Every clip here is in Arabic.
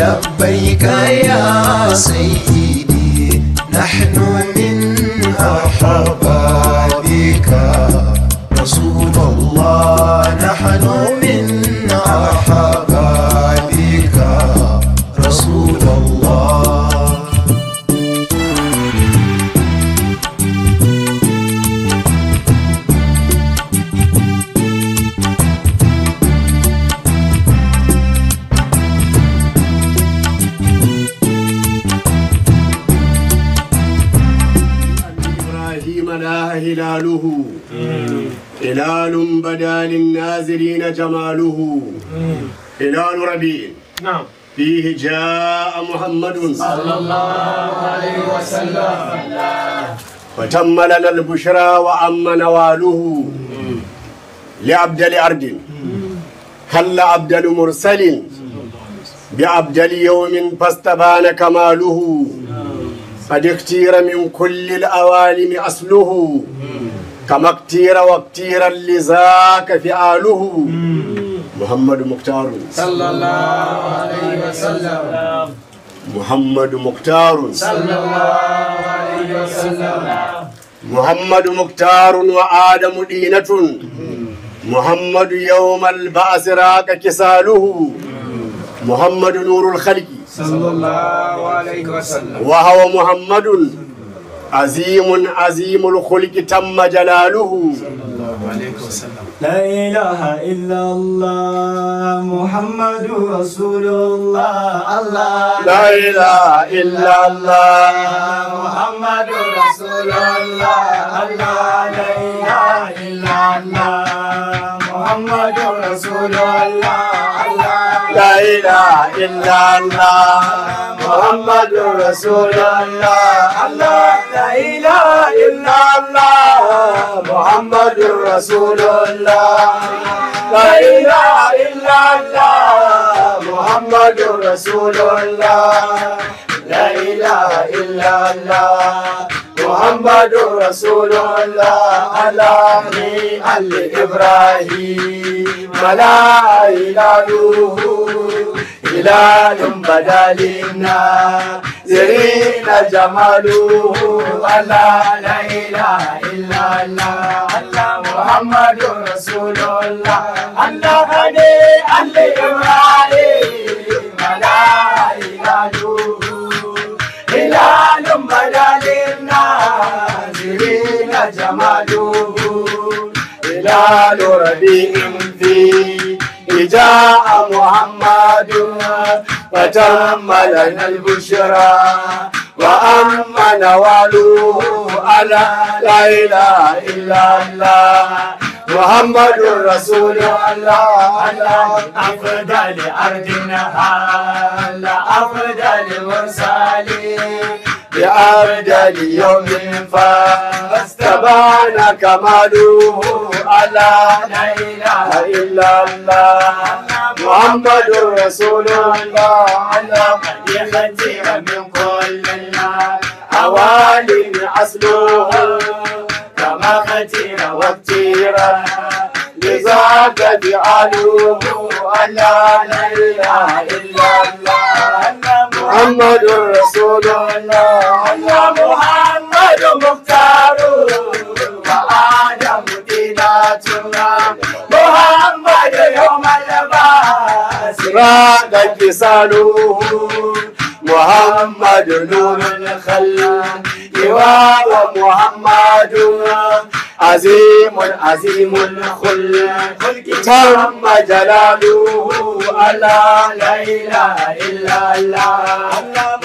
لبيك يا سيدي نحن من أحبك هلال بدا للنازلين جماله هلال ربيع نعم. فيه جاء محمد صلى الله عليه وسلم وتم لنا البشرى وأما نواله لأبدل أرض هل أبدل مرسل بأبدل يوم فاستبان كماله قد اختير من كل الأوالم أصله كما كتير وكتير في آله محمد مختار صلى الله عليه وسلم محمد مختار صلى الله عليه وسلم محمد مختار وآدم دينة محمد يوم البعث راك كساله محمد نور الخلق صلى الله عليه وسلم وهو محمد عظيم عظيم الخلق تم جلاله صلى الله عليه وسلم لا إله إلا الله محمد رسول الله الله لا إله إلا الله محمد رسول الله الله لا إله إلا الله محمد رسول الله إلا الله محمد رسول الله الله لا إله إلا الله محمد رسول الله لا إله إلا الله محمد رسول الله لا إله إلا الله محمد رسول الله على آل إبراهيم ولا إله jilalin badalina zirina jamalu Allah la ilaha illa Allah Allah Muhammadu Rasulullah Allah hade Allah yamali malaikatu jilalin badalina zirina jamalu ilalu rabi'in fi جاء محمد فتم لنا البشرى وأمن نواله على لا إله إلا الله محمد رسول الله أفضى أفضل أرض النهار على أفضل بأبدل يوم فاستبان كماله على لا إله إلا الله محمد رسول الله على خير من كل النار أوالي أصله كما ختير وكتيرا لذاك جعله على لا إله إلا الله محمد رسول الله الله محمد مختار وآدم ديناتنا محمد يوم الباس رادك صاله محمد نور الخلق يواب محمد عظيم عظيم الخلق تم جلاله الله لا إله إلا الله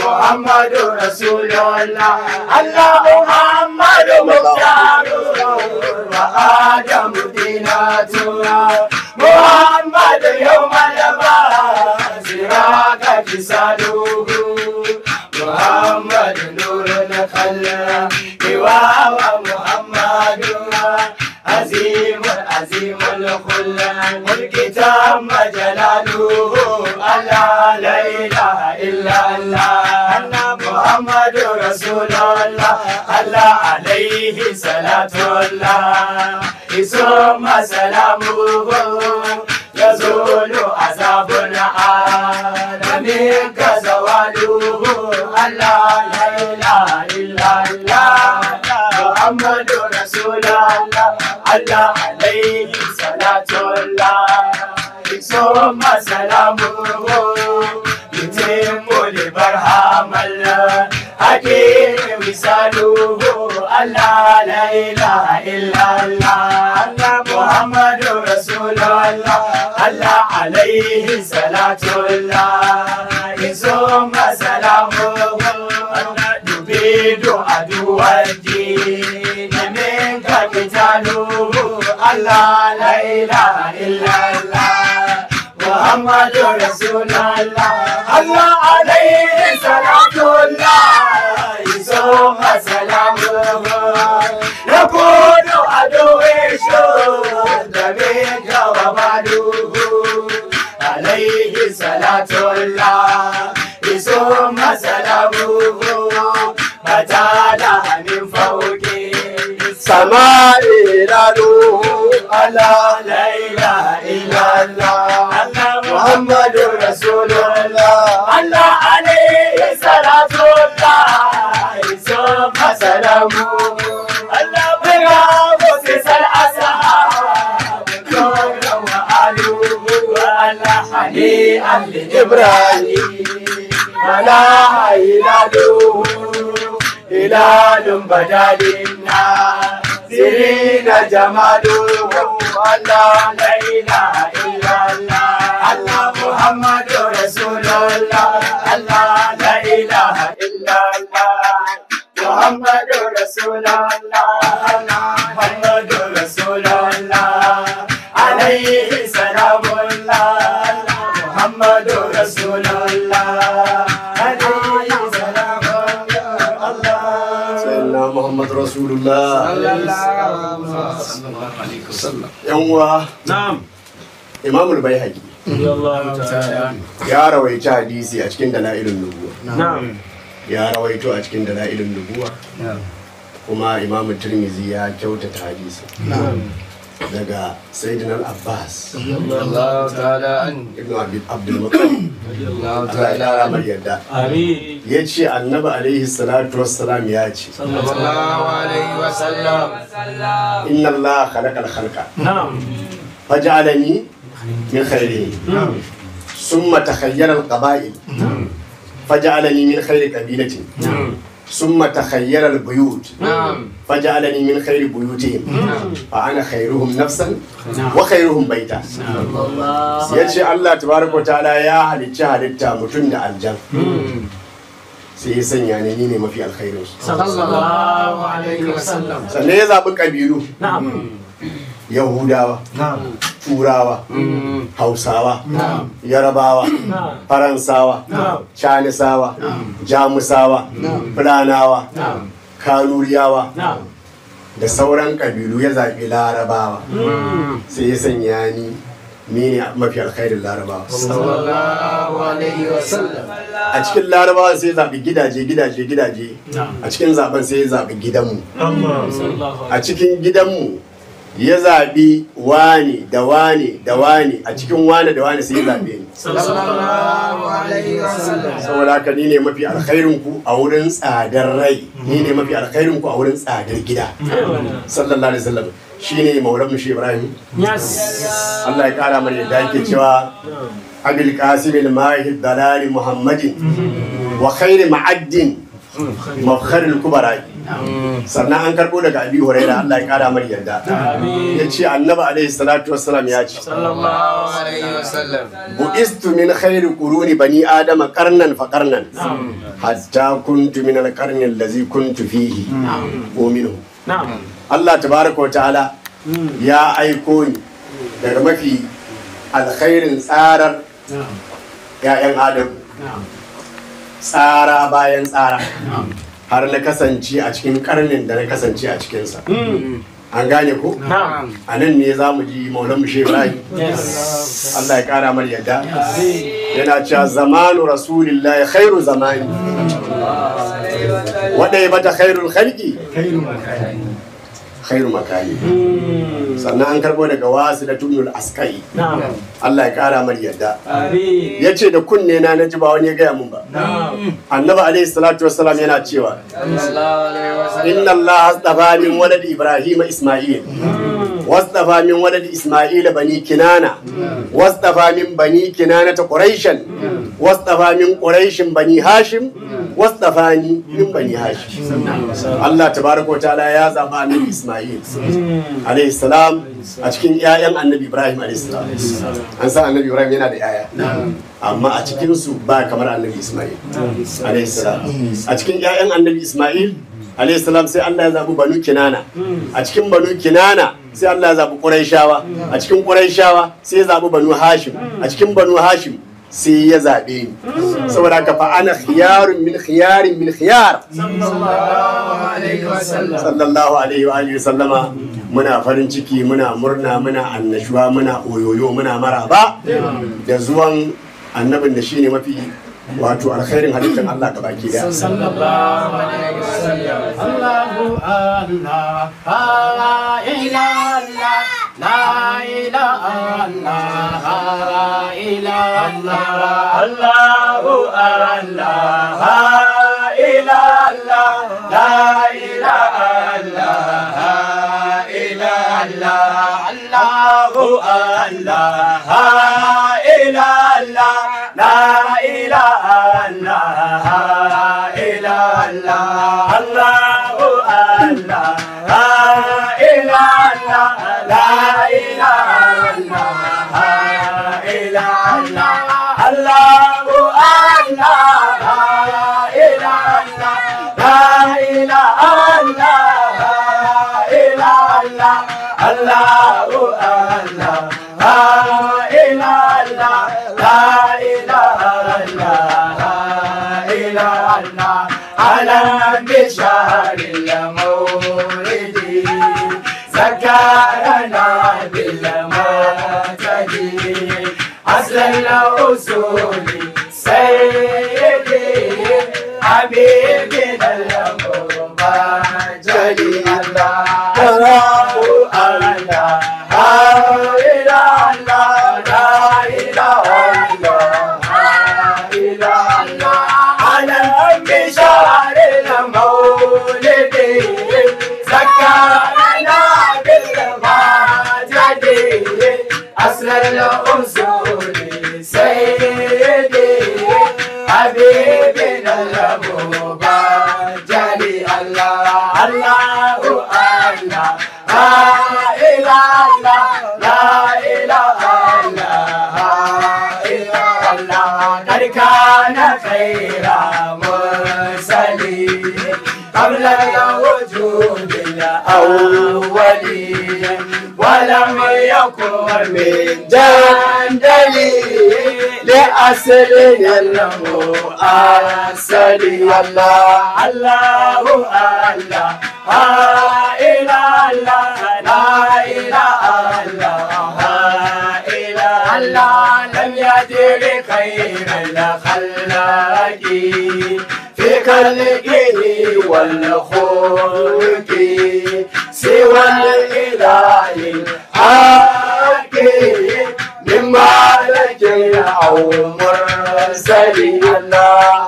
محمد رسول الله الله محمد مختار وآدم ديناتنا محمد يوم البعث سراك جسده رسول الله الله عليه صلاة الله ثم سلامه يزول عذاب العالم منك زواله الله لا إله إلا الله محمد رسول الله الله عليه صلاة الله ثم سلامه وصاله الله لا إله إلا الله محمد رسول الله الله عليه صلاة الله ثم سلامه نبيد عدو الدين منك قتاله الله لا إله إلا الله محمد رسول الله الله عليه صلاة الله Allahumma salamuhu nakunu aduwishu nabiyya wa ba'duhu alayhi salatullah isumma salamuhu Allah. min fawqi sama'i laluhu ala la ilaha illa Allah محمد رسول Allah الله عليه صلاة Allah. Ibrahim ala ilalu ilalum badalinna sirina jamalu Allah la ilaha illallah Allah Muhammadur Rasulullah Allah la ilaha illallah Muhammad رسول الله محمد رسول الله عليه سلام الله محمد رسول الله عليه سلام الله سيدنا محمد رسول الله صلى الله عليه وسلم يوا نعم إمام البيهقي ya rawaito hadisi a cikin dala'ilin nubuwa ya rawaito a cikin dala'ilin nubuwa kuma imamu tirmizi ya kyautata hadisi daga sayyidina abbas ibn abdul mutalib Allah ya kara mai yarda ya ce annabi alaihi salatu wassalam ya ce sallallahu alaihi wasallam inna Allah khalaqal khalqa faj'alani min khairihi summa takhayyara al qaba'il faj'alani min khairi qabilatin ثم تخير البيوت فجعلني من خير بيوتهم فأنا خيرهم نفسا وخيرهم بيتا يجي الله تبارك وتعالى يا هل تشهد التامتون الجنة sai ya sanya ni ni ne mafi alkhairin su sallallahu alaihi wasallam sannan ya zaɓi ƙabilu yahudawa turawa mm. hausawa yarabawa faransawa canisawa jamusawa fulanawa kanuriyawa da sauran ƙabilu ya zaɓi larabawa mm. sai ya sanya ni ni ne mafi alkhairin larabawa a cikin larabawa sai zaɓi gidaje gidaje gidaje a cikin zaɓen sai ya zaɓi gidanmu a cikin gidanmu ya zaɓi wani da wani da wani a cikin wani da wani sai ya zaɓe ni saboda haka ni ne mafi alkhairin ku a wurin tsadar rai ni ne mafi alkhairin ku a wurin tsadar gida sallallahu alaihi wasallam ne maulan shi ibrahim Allah ya kara mana yadda yake cewa abil qasim al mahid dalali muhammadin wa khairi ma'addin mafkharil kubara sannan an karbo daga abi huraira Allah ya kara mar yarda ya ce annabi alaihi salatu wassalam ya ce sallallahu alaihi wasallam bu'istu min khairi quruni bani adama qarnan fa qarnan hatta kuntu min al-qarni allazi kuntu fihi uminu Allah tabaraka wa ta'ala hmm. ya aiko ni daga mafi alkhairin tsarar ya'yan adam tsara bayan tsara har na kasance a cikin karnin da na kasance a cikinsa hmm. an gane ko a nan ne za mu ji maulan mu Allah ya kara mar yadda yana cewa zamanu ya khairu zamani wadai bata khairul khalqi khairu makani sannan an karbo daga wasu da tunul askai Allah ya kara mar yadda ya ce da kunne na na ji ba wani ya gaya mun ba annabi alaihi salatu wassalam yana cewa inna Allah astafa min walad ibrahim isma'il واصطفى من ولد إسماعيل بني كنانة واصطفى من بني كنانة قريشا واصطفى من قريش bani hashim. wasdafani min bani hashim Allah tabaraka ta'ala ya zama annabi Isma'il alayhi salam a cikin ƴaƴan annabi Ibrahim alayhi salam an san annabi Ibrahim yana da ƴaƴa amma a cikin su ba kamar annabi Isma'il alayhi salam a cikin ƴaƴan annabi Isma'il alayhi salam sai Allah ya zabi banu kinana a cikin banu kinana sai Allah ya zabi quraishawa a cikin quraishawa sai ya zabi banu hashim a cikin banu hashim sai ya zaɓe ni saboda haka fa ana khiyarun min khiyarin min khiyar sallallahu alaihi wa alihi sallama muna farin ciki muna murna muna annashuwa muna oyoyo muna maraba da zuwan annabin da shine mafi wato alkhairin halittar Allah ga baki daya sallallahu alaihi wa sallam Allahu Allah la ilaha illallah لا إله إلا لا إله إلا الله الله إله إلا لا إله إلا إله إلا الله الله إله إلا لا إله إلا إله الله الله Yeah. Amen. لنا وجودنا الأول ولم يكن من جندلي لأسلنا المؤسلي الله الله الله لا إله إلا الله لا إله إلا الله لم يدر خير الخلاقين في خلقه والخلق سوى الإله الحق من لجي أو مرسل الله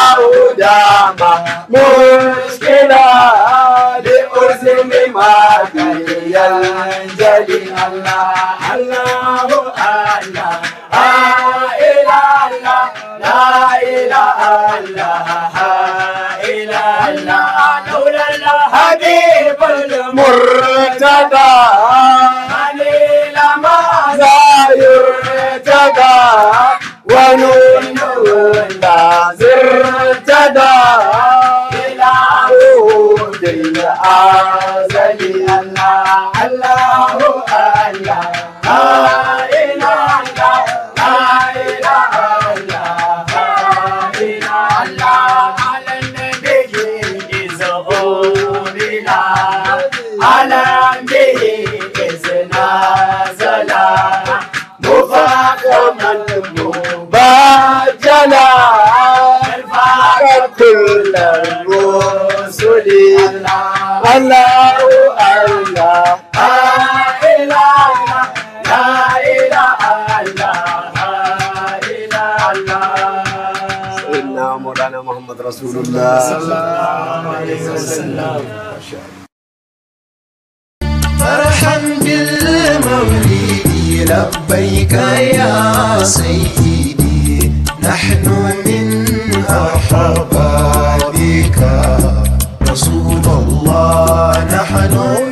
mushkila da urzumi magariyar jalin Allah Allahu Allah la Allah, la ila Allah ilaha Allah daular Habibul Murtada رسول الله صلى الله عليه وسلم فرحا بالمولد لبيك يا سيدي نحن من أحبابك رسول الله نحن